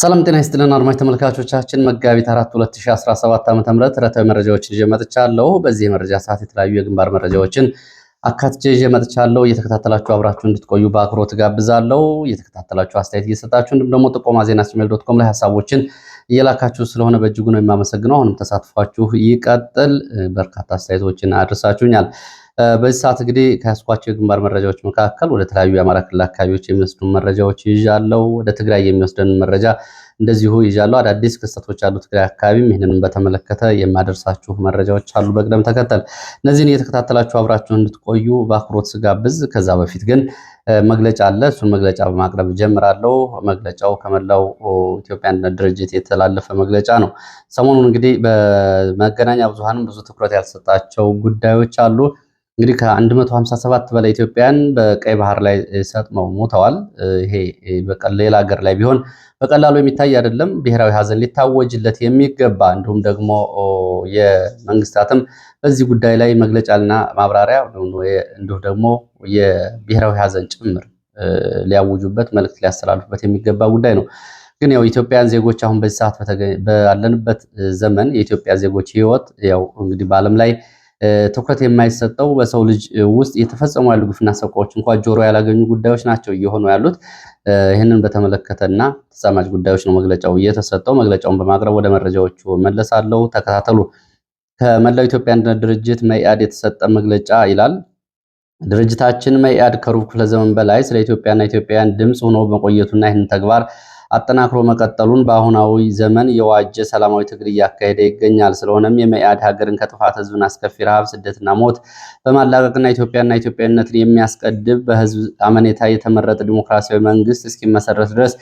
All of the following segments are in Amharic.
ሰላም ጤና ይስጥልን አድማጭ ተመልካቾቻችን፣ መጋቢት 4 2017 ዓ.ም ዕለታዊ መረጃዎችን ይዤ መጥቻለሁ። በዚህ የመረጃ ሰዓት የተለያዩ የግንባር መረጃዎችን አካትቼ ይዤ መጥቻለሁ። እየተከታተላችሁ አብራችሁ እንድትቆዩ በአክብሮት ጋብዛለሁ። እየተከታተላችሁ አስተያየት እየሰጣችሁ፣ እንዲሁም ደግሞ ጥቆማ ዜና ጂሜል ዶት ኮም ላይ ሀሳቦችን እየላካችሁ ስለሆነ በእጅጉ ነው የማመሰግነው። አሁንም ተሳትፏችሁ ይቀጥል። በርካታ አስተያየቶችን አድርሳችሁኛል። በዚህ ሰዓት እንግዲህ ከያስኳቸው የግንባር መረጃዎች መካከል ወደ ተለያዩ የአማራ ክልል አካባቢዎች የሚወስዱ መረጃዎች ይዣለው። ወደ ትግራይ የሚወስደን መረጃ እንደዚሁ ይዣለው። አዳዲስ ክስተቶች ያሉ ትግራይ አካባቢም ይህንንም በተመለከተ የማደርሳችሁ መረጃዎች አሉ። በቅደም ተከተል እነዚህን እየተከታተላችሁ አብራችሁ እንድትቆዩ በአክብሮት ስጋብዝ። ከዛ በፊት ግን መግለጫ አለ። እሱን መግለጫ በማቅረብ ጀምራለው። መግለጫው ከመላው ኢትዮጵያ አንድነት ድርጅት የተላለፈ መግለጫ ነው። ሰሞኑን እንግዲህ በመገናኛ ብዙሃንም ብዙ ትኩረት ያልሰጣቸው ጉዳዮች አሉ። እንግዲህ ከ157 በላይ ኢትዮጵያውያን በቀይ ባህር ላይ ሰጥመው ሞተዋል። ይሄ ሌላ ሀገር ላይ ቢሆን በቀላሉ የሚታይ አይደለም። ብሔራዊ ሀዘን ሊታወጅለት የሚገባ እንዲሁም ደግሞ የመንግስታትም በዚህ ጉዳይ ላይ መግለጫና ማብራሪያ እንዲሁም ደግሞ የብሔራዊ ሀዘን ጭምር ሊያውጁበት መልእክት ሊያስተላልፉበት የሚገባ ጉዳይ ነው። ግን ያው ኢትዮጵያን ዜጎች አሁን በዚህ ሰዓት ባለንበት ዘመን የኢትዮጵያ ዜጎች ህይወት ያው እንግዲህ በዓለም ላይ ትኩረት የማይሰጠው በሰው ልጅ ውስጥ የተፈጸሙ ያሉ ግፍና ሰቆቃዎች እንኳ ጆሮ ያላገኙ ጉዳዮች ናቸው እየሆኑ ያሉት። ይህንን በተመለከተና ተዛማጅ ጉዳዮች ነው መግለጫው እየተሰጠው። መግለጫውን በማቅረብ ወደ መረጃዎቹ መለሳለሁ። ተከታተሉ። ከመላው ኢትዮጵያ አንድነት ድርጅት መኢአድ የተሰጠ መግለጫ ይላል። ድርጅታችን መኢአድ ከሩብ ክፍለ ዘመን በላይ ስለ ኢትዮጵያና ኢትዮጵያውያን ድምፅ ሆኖ መቆየቱና ይህንን ተግባር አጠናክሮ መቀጠሉን በአሁናዊ ዘመን የዋጀ ሰላማዊ ትግል እያካሄደ ይገኛል። ስለሆነም የመኢአድ ሀገርን ከጥፋት ህዝብን አስከፊ ረሃብ፣ ስደትና ሞት በማላቀቅና ኢትዮጵያና ኢትዮጵያዊነትን የሚያስቀድብ በህዝብ አመኔታ የተመረጠ ዲሞክራሲያዊ መንግስት እስኪመሰረት ድረስ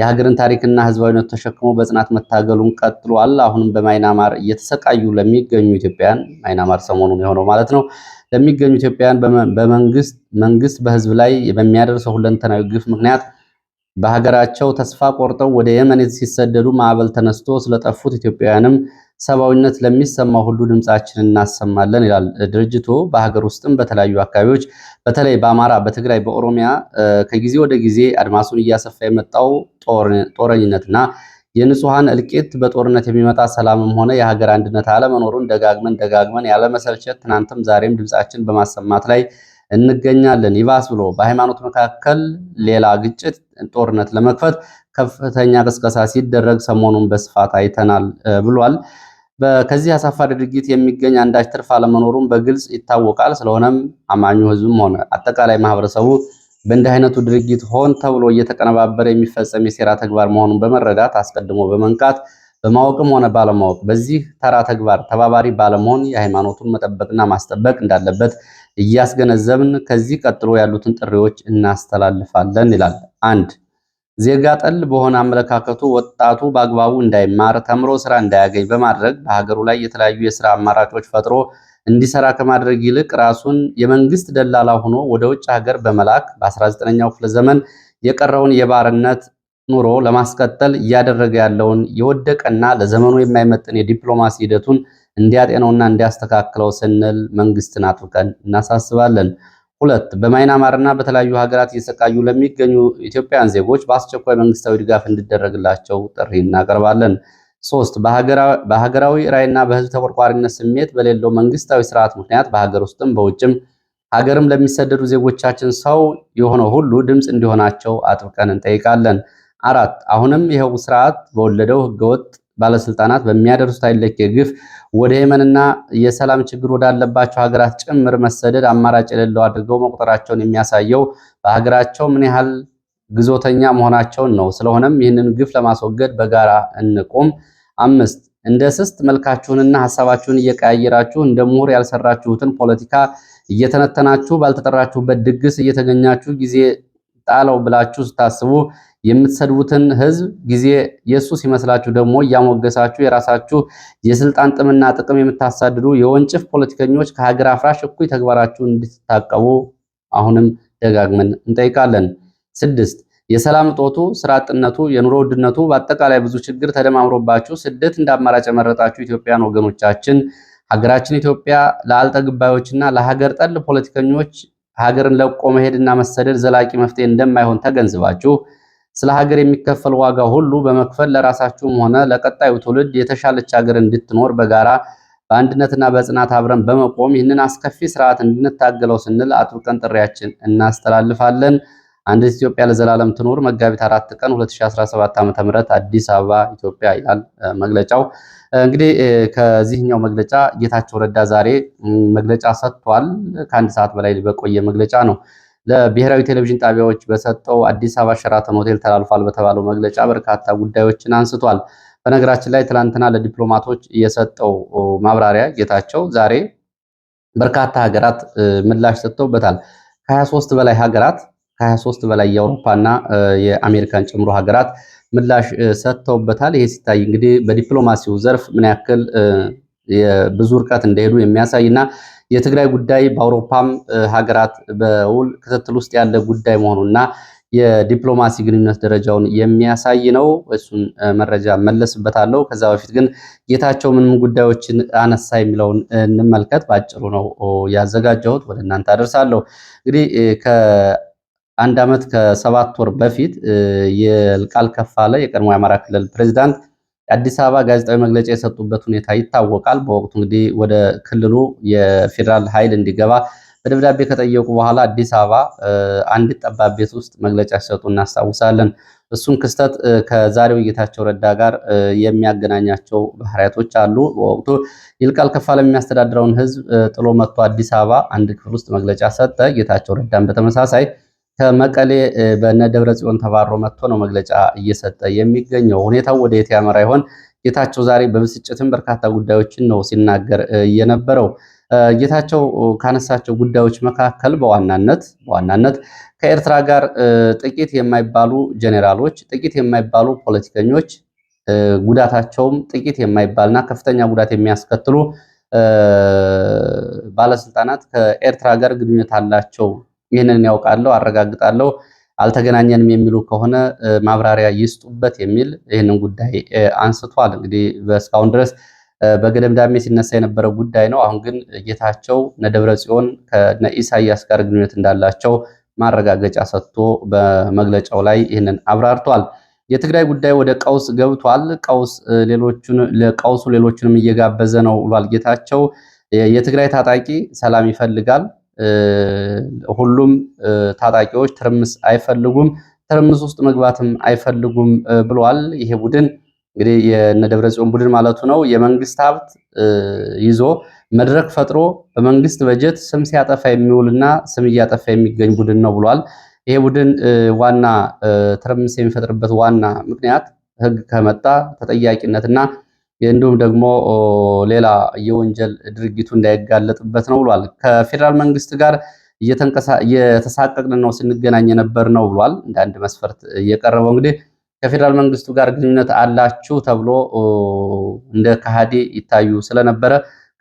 የሀገርን ታሪክና ህዝባዊነት ተሸክሞ በጽናት መታገሉን ቀጥሏል። አሁንም በማይናማር እየተሰቃዩ ለሚገኙ ኢትዮጵያን ማይናማር ሰሞኑን የሆነው ማለት ነው ለሚገኙ ኢትዮጵያውያን በመንግስት መንግስት በህዝብ ላይ በሚያደርሰው ሁለንተናዊ ግፍ ምክንያት በሀገራቸው ተስፋ ቆርጠው ወደ የመን ሲሰደዱ ማዕበል ተነስቶ ስለጠፉት ኢትዮጵያውያንም ሰብአዊነት ለሚሰማ ሁሉ ድምፃችን እናሰማለን ይላል ድርጅቱ። በሀገር ውስጥም በተለያዩ አካባቢዎች በተለይ በአማራ፣ በትግራይ፣ በኦሮሚያ ከጊዜ ወደ ጊዜ አድማሱን እያሰፋ የመጣው ጦረኝነትና የንጹሐን እልቂት በጦርነት የሚመጣ ሰላምም ሆነ የሀገር አንድነት አለመኖሩን ደጋግመን ደጋግመን ያለመሰልቸት ትናንትም ዛሬም ድምፃችን በማሰማት ላይ እንገኛለን። ይባስ ብሎ በሃይማኖት መካከል ሌላ ግጭት ጦርነት ለመክፈት ከፍተኛ ቅስቀሳ ሲደረግ ሰሞኑን በስፋት አይተናል ብሏል። ከዚህ አሳፋሪ ድርጊት የሚገኝ አንዳች ትርፍ አለመኖሩም በግልጽ ይታወቃል። ስለሆነም አማኙ ህዝብም ሆነ አጠቃላይ ማህበረሰቡ በእንዲህ አይነቱ ድርጊት ሆን ተብሎ እየተቀነባበረ የሚፈጸም የሴራ ተግባር መሆኑን በመረዳት አስቀድሞ በመንቃት በማወቅም ሆነ ባለማወቅ በዚህ ተራ ተግባር ተባባሪ ባለመሆን የሃይማኖቱን መጠበቅና ማስጠበቅ እንዳለበት እያስገነዘብን ከዚህ ቀጥሎ ያሉትን ጥሪዎች እናስተላልፋለን ይላል። አንድ ዜጋ ጠል በሆነ አመለካከቱ ወጣቱ በአግባቡ እንዳይማር ተምሮ ስራ እንዳያገኝ በማድረግ በሀገሩ ላይ የተለያዩ የስራ አማራጮች ፈጥሮ እንዲሰራ ከማድረግ ይልቅ ራሱን የመንግስት ደላላ ሆኖ ወደ ውጭ ሀገር በመላክ በ19ኛው ክፍለ ዘመን የቀረውን የባርነት ኑሮ ለማስቀጠል እያደረገ ያለውን የወደቀና ለዘመኑ የማይመጥን የዲፕሎማሲ ሂደቱን እንዲያጤነውና እንዲያስተካክለው ስንል መንግስትን አጥብቀን እናሳስባለን። ሁለት በማይናማርና በተለያዩ ሀገራት እየሰቃዩ ለሚገኙ ኢትዮጵያውያን ዜጎች በአስቸኳይ መንግስታዊ ድጋፍ እንዲደረግላቸው ጥሪ እናቀርባለን። ሶስት በሀገራዊ ራዕይና በህዝብ ተቆርቋሪነት ስሜት በሌለው መንግስታዊ ስርዓት ምክንያት በሀገር ውስጥም በውጭም ሀገርም ለሚሰደዱ ዜጎቻችን ሰው የሆነ ሁሉ ድምፅ እንዲሆናቸው አጥብቀን እንጠይቃለን። አራት አሁንም ይኸው ስርዓት በወለደው ህገወጥ ባለስልጣናት በሚያደርሱት አይለኬ ግፍ ወደ የመንና የሰላም ችግር ወዳለባቸው ሀገራት ጭምር መሰደድ አማራጭ የሌለው አድርገው መቁጠራቸውን የሚያሳየው በሀገራቸው ምን ያህል ግዞተኛ መሆናቸውን ነው። ስለሆነም ይህንን ግፍ ለማስወገድ በጋራ እንቁም። አምስት እንደ ስስት መልካችሁንና ሀሳባችሁን እየቀያየራችሁ እንደ ምሁር ያልሰራችሁትን ፖለቲካ እየተነተናችሁ ባልተጠራችሁበት ድግስ እየተገኛችሁ ጊዜ ጣለው ብላችሁ ስታስቡ የምትሰድቡትን ህዝብ ጊዜ የእሱ ሲመስላችሁ ደግሞ እያሞገሳችሁ የራሳችሁ የስልጣን ጥምና ጥቅም የምታሳድዱ የወንጭፍ ፖለቲከኞች ከሀገር አፍራሽ እኩይ ተግባራችሁ እንድትታቀቡ አሁንም ደጋግመን እንጠይቃለን። ስድስት የሰላም እጦቱ፣ ስራ አጥነቱ፣ የኑሮ ውድነቱ በአጠቃላይ ብዙ ችግር ተደማምሮባችሁ ስደት እንደ አማራጭ የመረጣችሁ ኢትዮጵያን ወገኖቻችን ሀገራችን ኢትዮጵያ ለአልጠግባዮችና ለሀገር ጠል ፖለቲከኞች ሀገርን ለቆ መሄድና መሰደድ ዘላቂ መፍትሄ እንደማይሆን ተገንዝባችሁ ስለ ሀገር የሚከፈል ዋጋ ሁሉ በመክፈል ለራሳችሁም ሆነ ለቀጣዩ ትውልድ የተሻለች ሀገር እንድትኖር በጋራ በአንድነትና በጽናት አብረን በመቆም ይህንን አስከፊ ስርዓት እንድንታገለው ስንል አጥብቀን ጥሪያችን እናስተላልፋለን። አንዲት ኢትዮጵያ ለዘላለም ትኑር። መጋቢት አራት ቀን 2017 ዓ.ም አዲስ አበባ ኢትዮጵያ ይላል መግለጫው። እንግዲህ ከዚህኛው መግለጫ ጌታቸው ረዳ ዛሬ መግለጫ ሰጥቷል። ከአንድ ሰዓት በላይ በቆየ መግለጫ ነው። ለብሔራዊ ቴሌቪዥን ጣቢያዎች በሰጠው አዲስ አበባ ሸራተን ሆቴል ተላልፏል በተባለው መግለጫ በርካታ ጉዳዮችን አንስቷል። በነገራችን ላይ ትላንትና ለዲፕሎማቶች የሰጠው ማብራሪያ ጌታቸው ዛሬ በርካታ ሀገራት ምላሽ ሰጥተውበታል። ከ23 በላይ ሀገራት ከ23 በላይ የአውሮፓና የአሜሪካን ጨምሮ ሀገራት ምላሽ ሰጥተውበታል። ይሄ ሲታይ እንግዲህ በዲፕሎማሲው ዘርፍ ምን ያክል ብዙ እርቀት እንደሄዱ የሚያሳይ እና የትግራይ ጉዳይ በአውሮፓም ሀገራት በውል ክትትል ውስጥ ያለ ጉዳይ መሆኑና የዲፕሎማሲ ግንኙነት ደረጃውን የሚያሳይ ነው። እሱን መረጃ መለስበታለሁ። ከዛ በፊት ግን ጌታቸው ምንም ጉዳዮችን አነሳ የሚለውን እንመልከት። በአጭሩ ነው ያዘጋጀሁት፣ ወደ እናንተ አደርሳለሁ። እንግዲህ ከአንድ ዓመት ከሰባት ወር በፊት የይልቃል ከፋለ የቀድሞ የአማራ ክልል ፕሬዚዳንት የአዲስ አበባ ጋዜጣዊ መግለጫ የሰጡበት ሁኔታ ይታወቃል። በወቅቱ እንግዲህ ወደ ክልሉ የፌዴራል ኃይል እንዲገባ በደብዳቤ ከጠየቁ በኋላ አዲስ አበባ አንድ ጠባብ ቤት ውስጥ መግለጫ ሲሰጡ እናስታውሳለን። እሱን ክስተት ከዛሬው ጌታቸው ረዳ ጋር የሚያገናኛቸው ባህሪያቶች አሉ። በወቅቱ ይልቃል ከፋለም የሚያስተዳድረውን ሕዝብ ጥሎ መጥቶ አዲስ አበባ አንድ ክፍል ውስጥ መግለጫ ሰጠ። ጌታቸው ረዳን በተመሳሳይ ከመቀሌ በነደብረ ጽዮን ተባሮ መጥቶ ነው መግለጫ እየሰጠ የሚገኘው። ሁኔታው ወደ የት ያመራ ይሆን? ጌታቸው ዛሬ በብስጭትም በርካታ ጉዳዮችን ነው ሲናገር የነበረው። ጌታቸው ካነሳቸው ጉዳዮች መካከል በዋናነት በዋናነት ከኤርትራ ጋር ጥቂት የማይባሉ ጄኔራሎች፣ ጥቂት የማይባሉ ፖለቲከኞች ጉዳታቸውም ጥቂት የማይባልና ከፍተኛ ጉዳት የሚያስከትሉ ባለስልጣናት ከኤርትራ ጋር ግንኙነት አላቸው ይህንን ያውቃለሁ፣ አረጋግጣለሁ፣ አልተገናኘንም የሚሉ ከሆነ ማብራሪያ ይስጡበት የሚል ይህንን ጉዳይ አንስቷል። እንግዲህ እስካሁን ድረስ በገደምዳሜ ሲነሳ የነበረ ጉዳይ ነው። አሁን ግን ጌታቸው ነደብረ ጽዮን ከነኢሳያስ ጋር ግንኙነት እንዳላቸው ማረጋገጫ ሰጥቶ በመግለጫው ላይ ይህንን አብራርቷል። የትግራይ ጉዳይ ወደ ቀውስ ገብቷል፣ ቀውሱ ሌሎቹንም እየጋበዘ ነው ብሏል ጌታቸው። የትግራይ ታጣቂ ሰላም ይፈልጋል፣ ሁሉም ታጣቂዎች ትርምስ አይፈልጉም፣ ትርምስ ውስጥ መግባትም አይፈልጉም ብሏል። ይሄ ቡድን እንግዲህ የነደብረ ጽዮን ቡድን ማለቱ ነው። የመንግስት ሀብት ይዞ መድረክ ፈጥሮ በመንግስት በጀት ስም ሲያጠፋ የሚውልና ስም እያጠፋ የሚገኝ ቡድን ነው ብሏል። ይሄ ቡድን ዋና ትርምስ የሚፈጥርበት ዋና ምክንያት ህግ ከመጣ ተጠያቂነትና እንዲሁም ደግሞ ሌላ የወንጀል ድርጊቱ እንዳይጋለጥበት ነው ብሏል። ከፌዴራል መንግስት ጋር እየተሳቀቅን ነው ስንገናኝ የነበር ነው ብሏል። እንደ አንድ መስፈርት የቀረበው እንግዲህ ከፌዴራል መንግስቱ ጋር ግንኙነት አላችሁ ተብሎ እንደ ካሃዴ ይታዩ ስለነበረ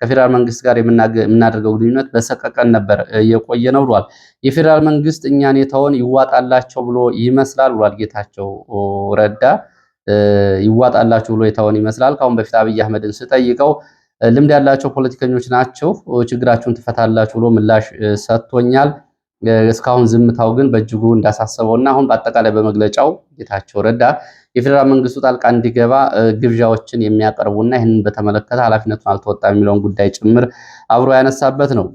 ከፌዴራል መንግስት ጋር የምናደርገው ግንኙነት በሰቀቀን ነበር እየቆየ ነው ብሏል። የፌዴራል መንግስት እኛን የተውን ይዋጣላቸው ብሎ ይመስላል ብሏል ጌታቸው ረዳ። ይዋጣላችሁ ብሎ የታወን ይመስላል። ከአሁን በፊት አብይ አህመድን ስጠይቀው ልምድ ያላቸው ፖለቲከኞች ናቸው፣ ችግራችሁን ትፈታላችሁ ብሎ ምላሽ ሰጥቶኛል። እስካሁን ዝምታው ግን በእጅጉ እንዳሳሰበው እና አሁን በአጠቃላይ በመግለጫው ጌታቸው ረዳ የፌዴራል መንግስቱ ጣልቃ እንዲገባ ግብዣዎችን የሚያቀርቡና ይህንን በተመለከተ ኃላፊነቱን አልተወጣም የሚለውን ጉዳይ ጭምር አብሮ ያነሳበት ነው።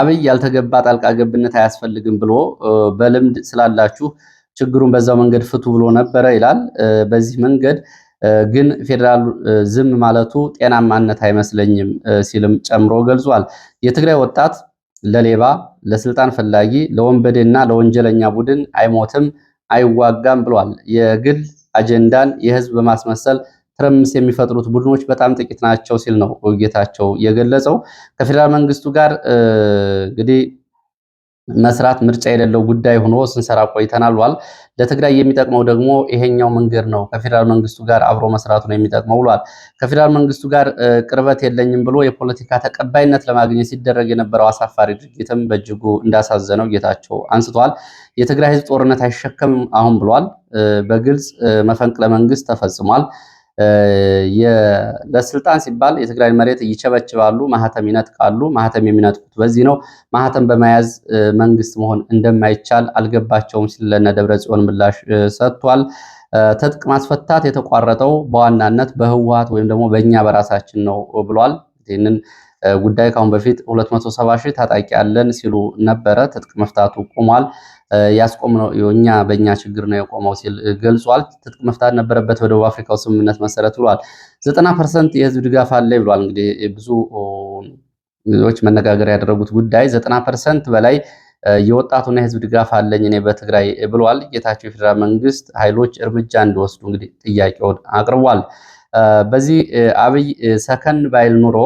አብይ ያልተገባ ጣልቃ ገብነት አያስፈልግም ብሎ በልምድ ስላላችሁ ችግሩን በዛው መንገድ ፍቱ ብሎ ነበረ ይላል። በዚህ መንገድ ግን ፌዴራል ዝም ማለቱ ጤናማነት አይመስለኝም ሲልም ጨምሮ ገልጿል። የትግራይ ወጣት ለሌባ ለስልጣን ፈላጊ ለወንበዴና ለወንጀለኛ ቡድን አይሞትም አይዋጋም ብሏል። የግል አጀንዳን የህዝብ በማስመሰል ትርምስ የሚፈጥሩት ቡድኖች በጣም ጥቂት ናቸው ሲል ነው ጌታቸው የገለጸው። ከፌዴራል መንግስቱ ጋር እንግዲህ መስራት ምርጫ የሌለው ጉዳይ ሆኖ ስንሰራ ቆይተናል። ብሏል። ለትግራይ የሚጠቅመው ደግሞ ይሄኛው መንገድ ነው፣ ከፌዴራል መንግስቱ ጋር አብሮ መስራቱ ነው የሚጠቅመው ብሏል። ከፌዴራል መንግስቱ ጋር ቅርበት የለኝም ብሎ የፖለቲካ ተቀባይነት ለማግኘት ሲደረግ የነበረው አሳፋሪ ድርጊትም በእጅጉ እንዳሳዘነው ጌታቸው አንስቷል። የትግራይ ህዝብ ጦርነት አይሸከምም አሁን ብሏል። በግልጽ መፈንቅለ መንግስት ተፈጽሟል። ለስልጣን ሲባል የትግራይን መሬት ይቸበችባሉ፣ ማህተም ይነጥቃሉ። ማህተም የሚነጥቁት በዚህ ነው። ማህተም በመያዝ መንግስት መሆን እንደማይቻል አልገባቸውም ሲል ለእነ ደብረ ጽዮን ምላሽ ሰጥቷል። ትጥቅ ማስፈታት የተቋረጠው በዋናነት በህወሀት ወይም ደግሞ በእኛ በራሳችን ነው ብሏል። ይህንን ጉዳይ ከአሁን በፊት 270 ሺህ ታጣቂ ያለን ሲሉ ነበረ። ትጥቅ መፍታቱ ቆሟል። ያስቆም ነው እኛ በእኛ ችግር ነው የቆመው ሲል ገልጿል። ትጥቅ መፍታት ነበረበት በደቡብ አፍሪካው ስምምነት መሰረት ብሏል። ዘጠና ፐርሰንት የህዝብ ድጋፍ አለ ብሏል። እንግዲህ ዎች መነጋገር ያደረጉት ጉዳይ ዘጠና ፐርሰንት በላይ የወጣቱና የህዝብ ድጋፍ አለኝ እኔ በትግራይ ብሏል። ጌታቸው የፌዴራል መንግስት ኃይሎች እርምጃ እንዲወስዱ እንግዲህ ጥያቄውን አቅርቧል። በዚህ አብይ ሰከን ባይል ኑሮ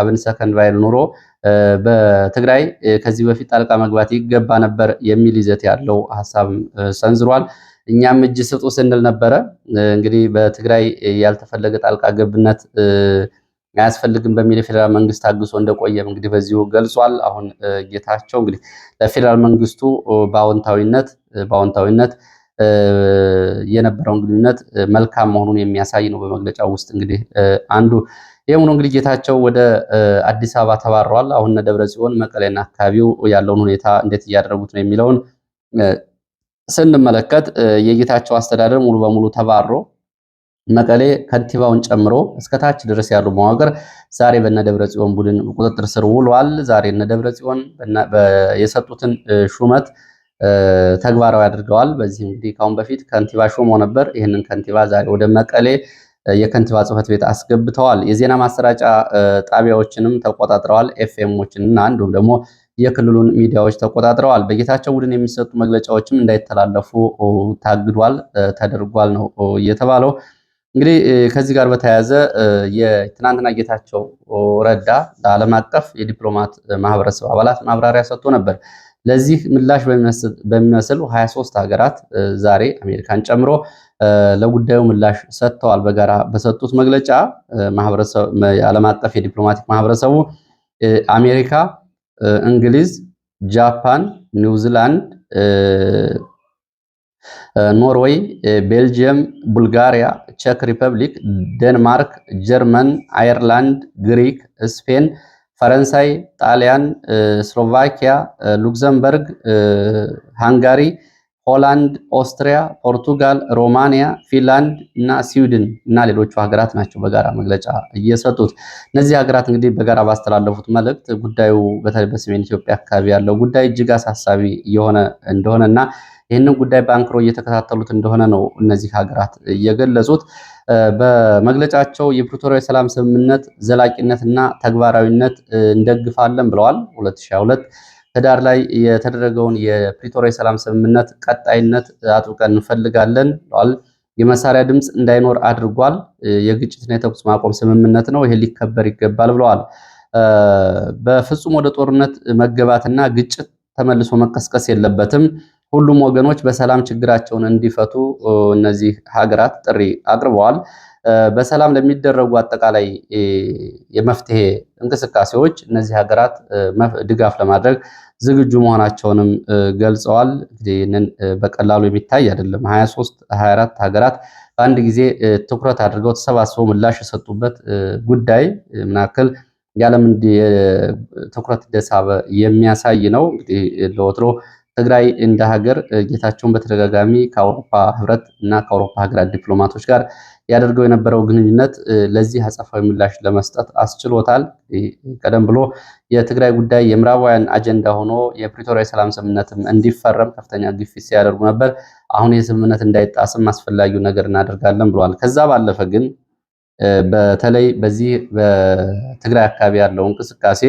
አብን ሰከንድ ባይል ኑሮ በትግራይ ከዚህ በፊት ጣልቃ መግባት ይገባ ነበር የሚል ይዘት ያለው ሀሳብ ሰንዝሯል። እኛም እጅ ስጡ ስንል ነበረ። እንግዲህ በትግራይ ያልተፈለገ ጣልቃ ገብነት አያስፈልግም በሚል የፌዴራል መንግስት ታግሶ እንደቆየም እንግዲህ በዚሁ ገልጿል። አሁን ጌታቸው እንግዲህ ለፌዴራል መንግስቱ በአዎንታዊነት በአዎንታዊነት የነበረውን ግንኙነት መልካም መሆኑን የሚያሳይ ነው በመግለጫው ውስጥ እንግዲህ አንዱ ይህም ነው እንግዲህ ጌታቸው ወደ አዲስ አበባ ተባረዋል። አሁን እነ ደብረ ጽዮን መቀሌና አካባቢው ያለውን ሁኔታ እንዴት እያደረጉት ነው የሚለውን ስንመለከት የጌታቸው አስተዳደር ሙሉ በሙሉ ተባሮ መቀሌ ከንቲባውን ጨምሮ እስከታች ድረስ ያሉ መዋቅር ዛሬ በነ ደብረ ጽዮን ቡድን ቁጥጥር ስር ውሏል። ዛሬ እነ ደብረ ጽዮን የሰጡትን ሹመት ተግባራዊ አድርገዋል። በዚህ እንግዲህ ካሁን በፊት ከንቲባ ሾሞ ነበር። ይህንን ከንቲባ ዛሬ ወደ መቀሌ የከንቲባ ጽህፈት ቤት አስገብተዋል። የዜና ማሰራጫ ጣቢያዎችንም ተቆጣጥረዋል። ኤፍኤሞችን እና እንዲሁም ደግሞ የክልሉን ሚዲያዎች ተቆጣጥረዋል። በጌታቸው ቡድን የሚሰጡ መግለጫዎችም እንዳይተላለፉ ታግዷል ተደርጓል ነው የተባለው። እንግዲህ ከዚህ ጋር በተያያዘ የትናንትና ጌታቸው ረዳ ለዓለም አቀፍ የዲፕሎማት ማህበረሰብ አባላት ማብራሪያ ሰጥቶ ነበር። ለዚህ ምላሽ በሚመስል 23 ሀገራት ዛሬ አሜሪካን ጨምሮ ለጉዳዩ ምላሽ ሰጥተዋል። በጋራ በሰጡት መግለጫ ዓለም አቀፍ የዲፕሎማቲክ ማህበረሰቡ አሜሪካ፣ እንግሊዝ፣ ጃፓን፣ ኒውዚላንድ፣ ኖርዌይ፣ ቤልጅየም፣ ቡልጋሪያ፣ ቼክ ሪፐብሊክ፣ ደንማርክ ጀርመን፣ አየርላንድ፣ ግሪክ፣ ስፔን፣ ፈረንሳይ፣ ጣሊያን፣ ስሎቫኪያ፣ ሉክዘምበርግ፣ ሃንጋሪ ሆላንድ፣ ኦስትሪያ፣ ፖርቱጋል፣ ሮማንያ፣ ፊንላንድ እና ስዊድን እና ሌሎቹ ሀገራት ናቸው በጋራ መግለጫ እየሰጡት። እነዚህ ሀገራት እንግዲህ በጋራ ባስተላለፉት መልእክት ጉዳዩ በተለይ በሰሜን ኢትዮጵያ አካባቢ ያለው ጉዳይ እጅግ አሳሳቢ እየሆነ እንደሆነ እና ይህንን ጉዳይ በአንክሮ እየተከታተሉት እንደሆነ ነው እነዚህ ሀገራት እየገለጹት። በመግለጫቸው የፕሪቶሪያ የሰላም ስምምነት ዘላቂነትና ተግባራዊነት እንደግፋለን ብለዋል 2022 ህዳር ላይ የተደረገውን የፕሪቶሪያ የሰላም ስምምነት ቀጣይነት አጥብቀን እንፈልጋለን ብለዋል። የመሳሪያ ድምፅ እንዳይኖር አድርጓል። የግጭትና የተኩስ ማቆም ስምምነት ነው፣ ይሄ ሊከበር ይገባል ብለዋል። በፍጹም ወደ ጦርነት መገባትና ግጭት ተመልሶ መቀስቀስ የለበትም። ሁሉም ወገኖች በሰላም ችግራቸውን እንዲፈቱ እነዚህ ሀገራት ጥሪ አቅርበዋል። በሰላም ለሚደረጉ አጠቃላይ የመፍትሄ እንቅስቃሴዎች እነዚህ ሀገራት ድጋፍ ለማድረግ ዝግጁ መሆናቸውንም ገልጸዋል። እንግዲህ ይህንን በቀላሉ የሚታይ አይደለም። 23 24 ሀገራት በአንድ ጊዜ ትኩረት አድርገው ተሰባስበው ምላሽ የሰጡበት ጉዳይ ምናክል የዓለምን ትኩረት እንደሳበ የሚያሳይ ነው። እንግዲህ ለወትሮ ትግራይ እንደ ሀገር ጌታቸውን በተደጋጋሚ ከአውሮፓ ህብረት እና ከአውሮፓ ሀገራት ዲፕሎማቶች ጋር ያደርገው የነበረው ግንኙነት ለዚህ አጸፋዊ ምላሽ ለመስጠት አስችሎታል። ቀደም ብሎ የትግራይ ጉዳይ የምዕራባውያን አጀንዳ ሆኖ የፕሪቶሪያ የሰላም ስምምነትም እንዲፈረም ከፍተኛ ግፊት ሲያደርጉ ነበር። አሁን ይህ ስምምነት እንዳይጣስም አስፈላጊው ነገር እናደርጋለን ብለዋል። ከዛ ባለፈ ግን በተለይ በዚህ በትግራይ አካባቢ ያለው እንቅስቃሴ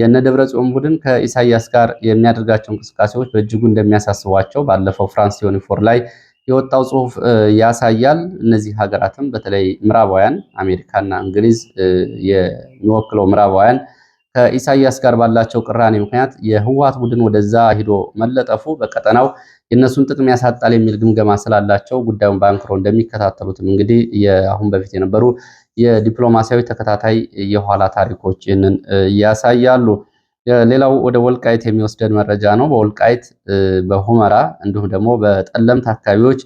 የነደብረ ጽዮን ቡድን ከኢሳያስ ጋር የሚያደርጋቸው እንቅስቃሴዎች በእጅጉ እንደሚያሳስቧቸው ባለፈው ፍራንስ ዩኒፎር ላይ የወጣው ጽሁፍ ያሳያል። እነዚህ ሀገራትም በተለይ ምዕራባውያን አሜሪካና እንግሊዝ የሚወክለው ምዕራባውያን ከኢሳያስ ጋር ባላቸው ቅራኔ ምክንያት የህወሓት ቡድን ወደዛ ሂዶ መለጠፉ በቀጠናው የእነሱን ጥቅም ያሳጣል የሚል ግምገማ ስላላቸው ጉዳዩን በአንክሮ እንደሚከታተሉትም እንግዲህ አሁን በፊት የነበሩ የዲፕሎማሲያዊ ተከታታይ የኋላ ታሪኮች ይህንን ያሳያሉ። ሌላው ወደ ወልቃይት የሚወስደን መረጃ ነው። በወልቃይት በሁመራ እንዲሁም ደግሞ በጠለምት አካባቢዎች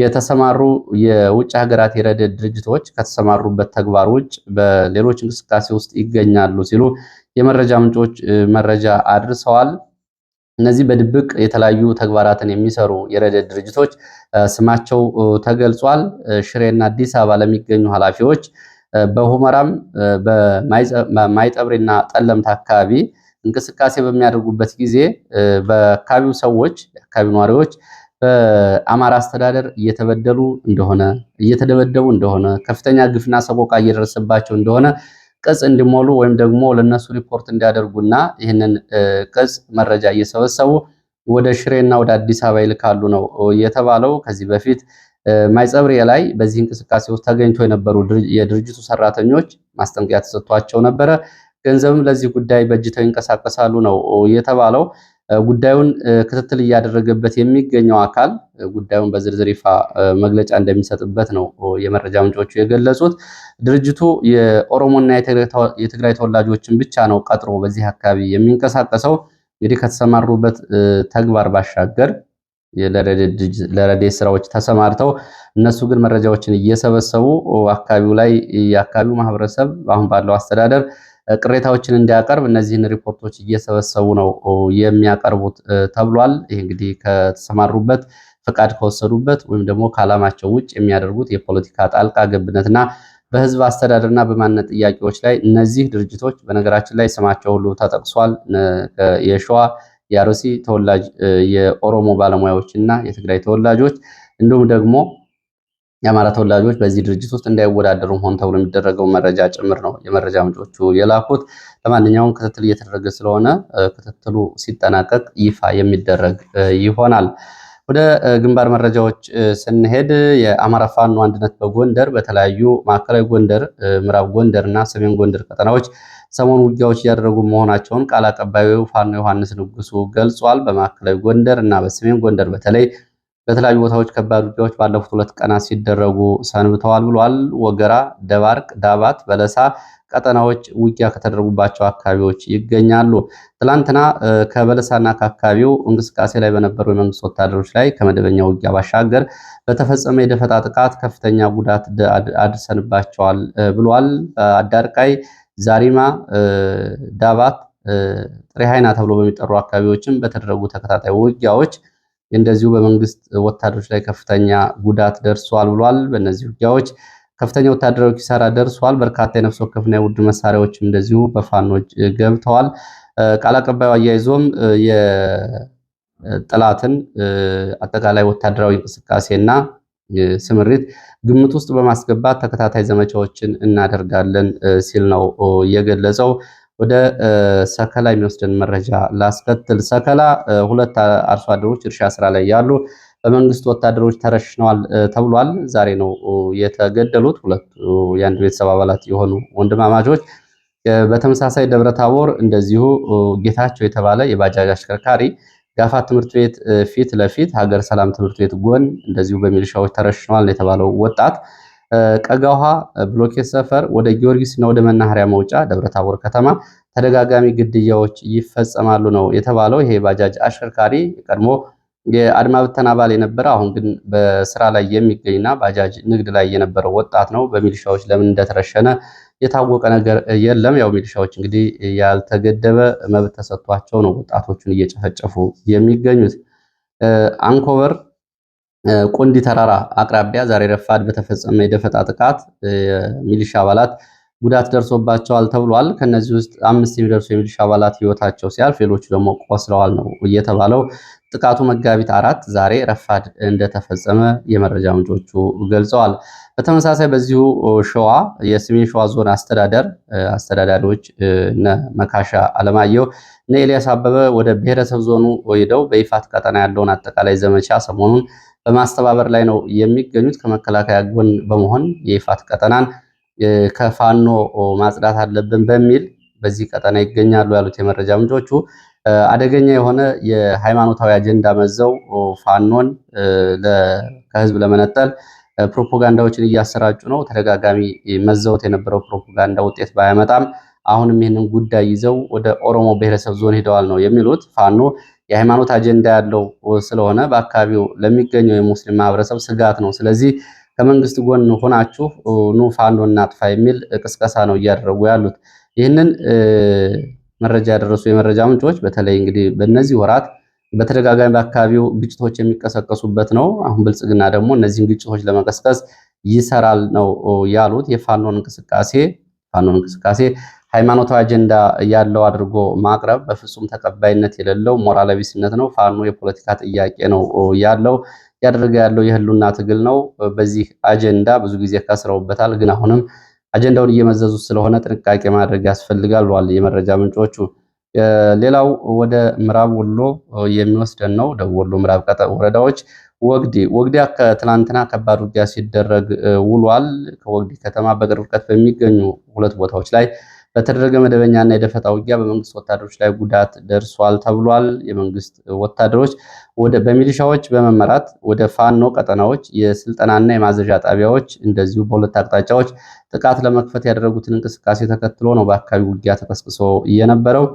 የተሰማሩ የውጭ ሀገራት የረድኤት ድርጅቶች ከተሰማሩበት ተግባር ውጭ በሌሎች እንቅስቃሴ ውስጥ ይገኛሉ ሲሉ የመረጃ ምንጮች መረጃ አድርሰዋል። እነዚህ በድብቅ የተለያዩ ተግባራትን የሚሰሩ የረድኤት ድርጅቶች ስማቸው ተገልጿል። ሽሬና አዲስ አበባ ለሚገኙ ኃላፊዎች በሁመራም በማይጠብሬና ጠለምት አካባቢ እንቅስቃሴ በሚያደርጉበት ጊዜ በአካባቢው ሰዎች የአካባቢው ነዋሪዎች በአማራ አስተዳደር እየተበደሉ እንደሆነ እየተደበደቡ እንደሆነ ከፍተኛ ግፍና ሰቆቃ እየደረሰባቸው እንደሆነ ቅጽ እንዲሞሉ ወይም ደግሞ ለነሱ ሪፖርት እንዲያደርጉና ይህንን ቅጽ መረጃ እየሰበሰቡ ወደ ሽሬና ወደ አዲስ አበባ ይልካሉ ነው የተባለው። ከዚህ በፊት ማይጸብሬ ላይ በዚህ እንቅስቃሴ ውስጥ ተገኝቶ የነበሩ የድርጅቱ ሰራተኞች ማስጠንቀቂያ ተሰጥቷቸው ነበረ። ገንዘብም ለዚህ ጉዳይ በእጅተው ይንቀሳቀሳሉ ነው የተባለው። ጉዳዩን ክትትል እያደረገበት የሚገኘው አካል ጉዳዩን በዝርዝር ይፋ መግለጫ እንደሚሰጥበት ነው የመረጃ ምንጮቹ የገለጹት። ድርጅቱ የኦሮሞና የትግራይ ተወላጆችን ብቻ ነው ቀጥሮ በዚህ አካባቢ የሚንቀሳቀሰው። እንግዲህ ከተሰማሩበት ተግባር ባሻገር ለረዴ ስራዎች ተሰማርተው እነሱ ግን መረጃዎችን እየሰበሰቡ አካባቢው ላይ የአካባቢው ማህበረሰብ አሁን ባለው አስተዳደር ቅሬታዎችን እንዲያቀርብ እነዚህን ሪፖርቶች እየሰበሰቡ ነው የሚያቀርቡት ተብሏል። ይህ እንግዲህ ከተሰማሩበት ፍቃድ ከወሰዱበት ወይም ደግሞ ከዓላማቸው ውጭ የሚያደርጉት የፖለቲካ ጣልቃ ገብነትና በህዝብ አስተዳደርና በማንነት ጥያቄዎች ላይ እነዚህ ድርጅቶች በነገራችን ላይ ስማቸው ሁሉ ተጠቅሷል የሸዋ የአርሲ ተወላጅ የኦሮሞ ባለሙያዎች እና የትግራይ ተወላጆች እንዲሁም ደግሞ የአማራ ተወላጆች በዚህ ድርጅት ውስጥ እንዳይወዳደሩ ሆን ተብሎ የሚደረገው መረጃ ጭምር ነው የመረጃ ምንጮቹ የላኩት። ለማንኛውም ክትትል እየተደረገ ስለሆነ ክትትሉ ሲጠናቀቅ ይፋ የሚደረግ ይሆናል። ወደ ግንባር መረጃዎች ስንሄድ የአማራ ፋኖ አንድነት በጎንደር በተለያዩ ማዕከላዊ ጎንደር፣ ምዕራብ ጎንደር እና ሰሜን ጎንደር ቀጠናዎች ሰሞኑ ውጊያዎች እያደረጉ መሆናቸውን ቃል አቀባዩ ፋኖ ዮሐንስ ንጉሱ ገልጿል። በማዕከላዊ ጎንደር እና በሰሜን ጎንደር በተለይ በተለያዩ ቦታዎች ከባድ ውጊያዎች ባለፉት ሁለት ቀናት ሲደረጉ ሰንብተዋል ብሏል። ወገራ፣ ደባርቅ፣ ዳባት፣ በለሳ ቀጠናዎች ውጊያ ከተደረጉባቸው አካባቢዎች ይገኛሉ። ትላንትና ከበለሳና ከአካባቢው እንቅስቃሴ ላይ በነበሩ የመንግስት ወታደሮች ላይ ከመደበኛ ውጊያ ባሻገር በተፈጸመ የደፈጣ ጥቃት ከፍተኛ ጉዳት አድርሰንባቸዋል ብሏል። በአዳርቃይ ዛሪማ፣ ዳባት፣ ጥሬ ተብሎ በሚጠሩ አካባቢዎችም በተደረጉ ተከታታይ ውጊያዎች እንደዚሁ በመንግስት ወታደሮች ላይ ከፍተኛ ጉዳት ደርሷል ብሏል። በእነዚህ ውጊያዎች ከፍተኛ ወታደራዊ ኪሳራ ደርሷል። በርካታ የነፍስ ወከፍና የውድ መሳሪያዎችም እንደዚሁ በፋኖች ገብተዋል። ቃል አቀባዩ አያይዞም የጠላትን አጠቃላይ ወታደራዊ እንቅስቃሴና ስምሪት ግምት ውስጥ በማስገባት ተከታታይ ዘመቻዎችን እናደርጋለን ሲል ነው የገለጸው። ወደ ሰከላ የሚወስደን መረጃ ላስከትል። ሰከላ ሁለት አርሶ አደሮች እርሻ ስራ ላይ ያሉ በመንግስት ወታደሮች ተረሽነዋል ተብሏል። ዛሬ ነው የተገደሉት ሁለቱ የአንድ ቤተሰብ አባላት የሆኑ ወንድማማቾች። በተመሳሳይ ደብረ ታቦር እንደዚሁ ጌታቸው የተባለ የባጃጅ አሽከርካሪ ጋፋት ትምህርት ቤት ፊት ለፊት ሀገር ሰላም ትምህርት ቤት ጎን እንደዚሁ በሚሊሻዎች ተረሽነዋል የተባለው ወጣት ቀጋውሃ ብሎኬት ሰፈር ወደ ጊዮርጊስ እና ወደ መናኸሪያ መውጫ ደብረታቦር ከተማ ተደጋጋሚ ግድያዎች ይፈጸማሉ ነው የተባለው። ይሄ የባጃጅ አሽከርካሪ ቀድሞ የአድማ ብተና አባል የነበረ አሁን ግን በስራ ላይ የሚገኝና ባጃጅ ንግድ ላይ የነበረው ወጣት ነው። በሚሊሻዎች ለምን እንደተረሸነ የታወቀ ነገር የለም። ያው ሚሊሻዎች እንግዲህ ያልተገደበ መብት ተሰጥቷቸው ነው ወጣቶቹን እየጨፈጨፉ የሚገኙት። አንኮበር ቁንዲ ተራራ አቅራቢያ ዛሬ ረፋድ በተፈጸመ የደፈጣ ጥቃት ሚሊሻ አባላት ጉዳት ደርሶባቸዋል ተብሏል። ከነዚህ ውስጥ አምስት የሚደርሱ የሚሊሻ አባላት ህይወታቸው ሲያልፍ ሌሎቹ ደግሞ ቆስለዋል ነው እየተባለው። ጥቃቱ መጋቢት አራት ዛሬ ረፋድ እንደተፈጸመ የመረጃ ምንጮቹ ገልጸዋል። በተመሳሳይ በዚሁ ሸዋ የሰሜን ሸዋ ዞን አስተዳደር አስተዳዳሪዎች እነ መካሻ አለማየሁ እነ ኤልያስ አበበ ወደ ብሔረሰብ ዞኑ ሄደው በይፋት ቀጠና ያለውን አጠቃላይ ዘመቻ ሰሞኑን በማስተባበር ላይ ነው የሚገኙት። ከመከላከያ ጎን በመሆን የይፋት ቀጠናን ከፋኖ ማጽዳት አለብን በሚል በዚህ ቀጠና ይገኛሉ ያሉት የመረጃ ምንጮቹ አደገኛ የሆነ የሃይማኖታዊ አጀንዳ መዘው ፋኖን ከህዝብ ለመነጠል ፕሮፓጋንዳዎችን እያሰራጩ ነው። ተደጋጋሚ መዘውት የነበረው ፕሮፓጋንዳ ውጤት ባያመጣም አሁንም ይህንን ጉዳይ ይዘው ወደ ኦሮሞ ብሔረሰብ ዞን ሄደዋል ነው የሚሉት። ፋኖ የሃይማኖት አጀንዳ ያለው ስለሆነ በአካባቢው ለሚገኘው የሙስሊም ማህበረሰብ ስጋት ነው። ስለዚህ ከመንግስት ጎን ሆናችሁ ኑ ፋኖ እናጥፋ የሚል ቅስቀሳ ነው እያደረጉ ያሉት። ይህንን መረጃ ያደረሱ የመረጃ ምንጮች በተለይ እንግዲህ በእነዚህ ወራት በተደጋጋሚ በአካባቢው ግጭቶች የሚቀሰቀሱበት ነው። አሁን ብልጽግና ደግሞ እነዚህን ግጭቶች ለመቀስቀስ ይሰራል ነው ያሉት። የፋኖን እንቅስቃሴ ፋኖን እንቅስቃሴ ሃይማኖታዊ አጀንዳ ያለው አድርጎ ማቅረብ በፍጹም ተቀባይነት የሌለው ሞራላዊስነት ነው። ፋኖ የፖለቲካ ጥያቄ ነው ያለው። ያደረገ ያለው የህልውና ትግል ነው። በዚህ አጀንዳ ብዙ ጊዜ ከስረውበታል፣ ግን አሁንም አጀንዳውን እየመዘዙ ስለሆነ ጥንቃቄ ማድረግ ያስፈልጋል ብሏል የመረጃ ምንጮቹ። ሌላው ወደ ምዕራብ ወሎ የሚወስደን ነው። ደቡብ ወሎ ምዕራብ ወረዳዎች ወግዲ ወግዴ ከትናንትና ከባድ ውጊያ ሲደረግ ውሏል። ከወግዲ ከተማ በቅርብ ርቀት በሚገኙ ሁለት ቦታዎች ላይ በተደረገ መደበኛና የደፈጣ ውጊያ በመንግስት ወታደሮች ላይ ጉዳት ደርሷል ተብሏል። የመንግስት ወታደሮች በሚሊሻዎች በመመራት ወደ ፋኖ ቀጠናዎች የስልጠናና የማዘዣ ጣቢያዎች እንደዚሁ በሁለት አቅጣጫዎች ጥቃት ለመክፈት ያደረጉትን እንቅስቃሴ ተከትሎ ነው በአካባቢው ውጊያ ተቀስቅሶ የነበረው።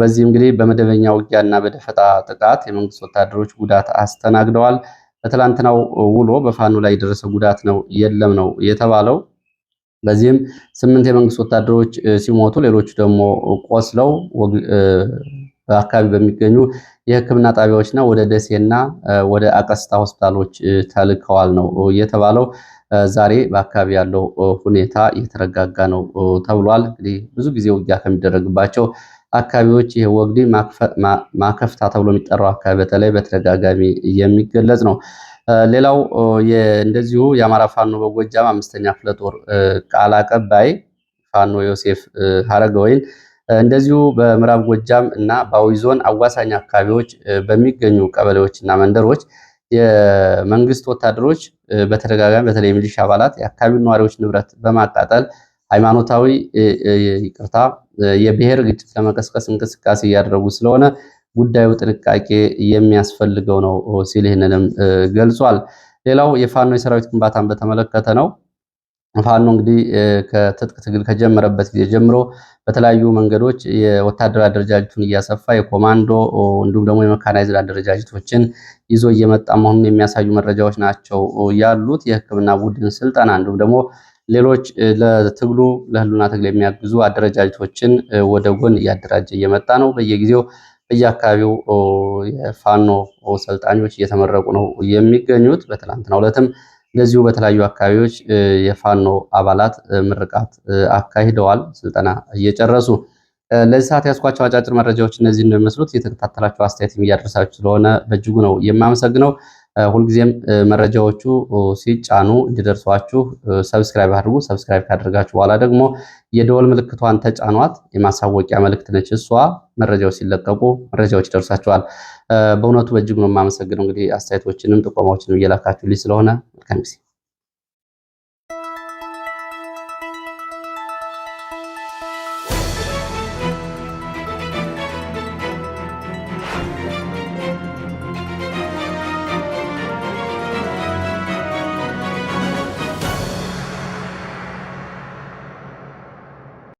በዚህ እንግዲህ በመደበኛ ውጊያና በደፈጣ ጥቃት የመንግስት ወታደሮች ጉዳት አስተናግደዋል። በትላንትናው ውሎ በፋኖ ላይ የደረሰ ጉዳት ነው የለም ነው የተባለው። በዚህም ስምንት የመንግስት ወታደሮች ሲሞቱ ሌሎቹ ደግሞ ቆስለው በአካባቢ በሚገኙ የሕክምና ጣቢያዎችና ወደ ደሴና ወደ አቀስታ ሆስፒታሎች ተልከዋል ነው የተባለው። ዛሬ በአካባቢ ያለው ሁኔታ እየተረጋጋ ነው ተብሏል። እንግዲህ ብዙ ጊዜ ውጊያ ከሚደረግባቸው አካባቢዎች ይህ ወግዲ ማከፍታ ተብሎ የሚጠራው አካባቢ በተለይ በተደጋጋሚ የሚገለጽ ነው። ሌላው እንደዚሁ የአማራ ፋኖ በጎጃም አምስተኛ ክፍለ ጦር ቃል አቀባይ ፋኖ ዮሴፍ ሀረገወይን እንደዚሁ በምዕራብ ጎጃም እና በአዊ ዞን አዋሳኝ አካባቢዎች በሚገኙ ቀበሌዎች እና መንደሮች የመንግስት ወታደሮች በተደጋጋሚ በተለይ ሚሊሻ አባላት የአካባቢውን ነዋሪዎች ንብረት በማቃጠል ሃይማኖታዊ ይቅርታ የብሔር ግጭት ለመቀስቀስ እንቅስቃሴ እያደረጉ ስለሆነ ጉዳዩ ጥንቃቄ የሚያስፈልገው ነው ሲል ይህንንም ገልጿል። ሌላው የፋኖ የሰራዊት ግንባታን በተመለከተ ነው። ፋኖ እንግዲህ ከትጥቅ ትግል ከጀመረበት ጊዜ ጀምሮ በተለያዩ መንገዶች የወታደራዊ አደረጃጀቱን እያሰፋ የኮማንዶ እንዲሁም ደግሞ የመካናይዝድ አደረጃጀቶችን ይዞ እየመጣ መሆኑን የሚያሳዩ መረጃዎች ናቸው ያሉት። የሕክምና ቡድን ስልጠና እንዲሁም ደግሞ ሌሎች ለትግሉ ለህሉና ትግል የሚያግዙ አደረጃጀቶችን ወደ ጎን እያደራጀ እየመጣ ነው በየጊዜው በየአካባቢው የፋኖ ሰልጣኞች እየተመረቁ ነው የሚገኙት። በትናንትናው ዕለትም እንደዚሁ በተለያዩ አካባቢዎች የፋኖ አባላት ምርቃት አካሂደዋል፣ ስልጠና እየጨረሱ። ለዚህ ሰዓት ያስኳቸው አጫጭር መረጃዎች እነዚህ እንደሚመስሉት፣ የተከታተላቸው የተከታተላችሁ አስተያየትም እያደረሳችሁ ስለሆነ በእጅጉ ነው የማመሰግነው። ሁልጊዜም መረጃዎቹ ሲጫኑ እንዲደርሷችሁ ሰብስክራይብ አድርጉ። ሰብስክራይብ ካደረጋችሁ በኋላ ደግሞ የደወል ምልክቷን ተጫኗት። የማሳወቂያ መልእክት ነች እሷ። መረጃዎች ሲለቀቁ መረጃዎች ይደርሳችኋል። በእውነቱ በእጅጉ ነው የማመሰግነው። እንግዲህ አስተያየቶችንም ጥቆማዎችንም እየላካችሁ ልጅ ስለሆነ መልካም ጊዜ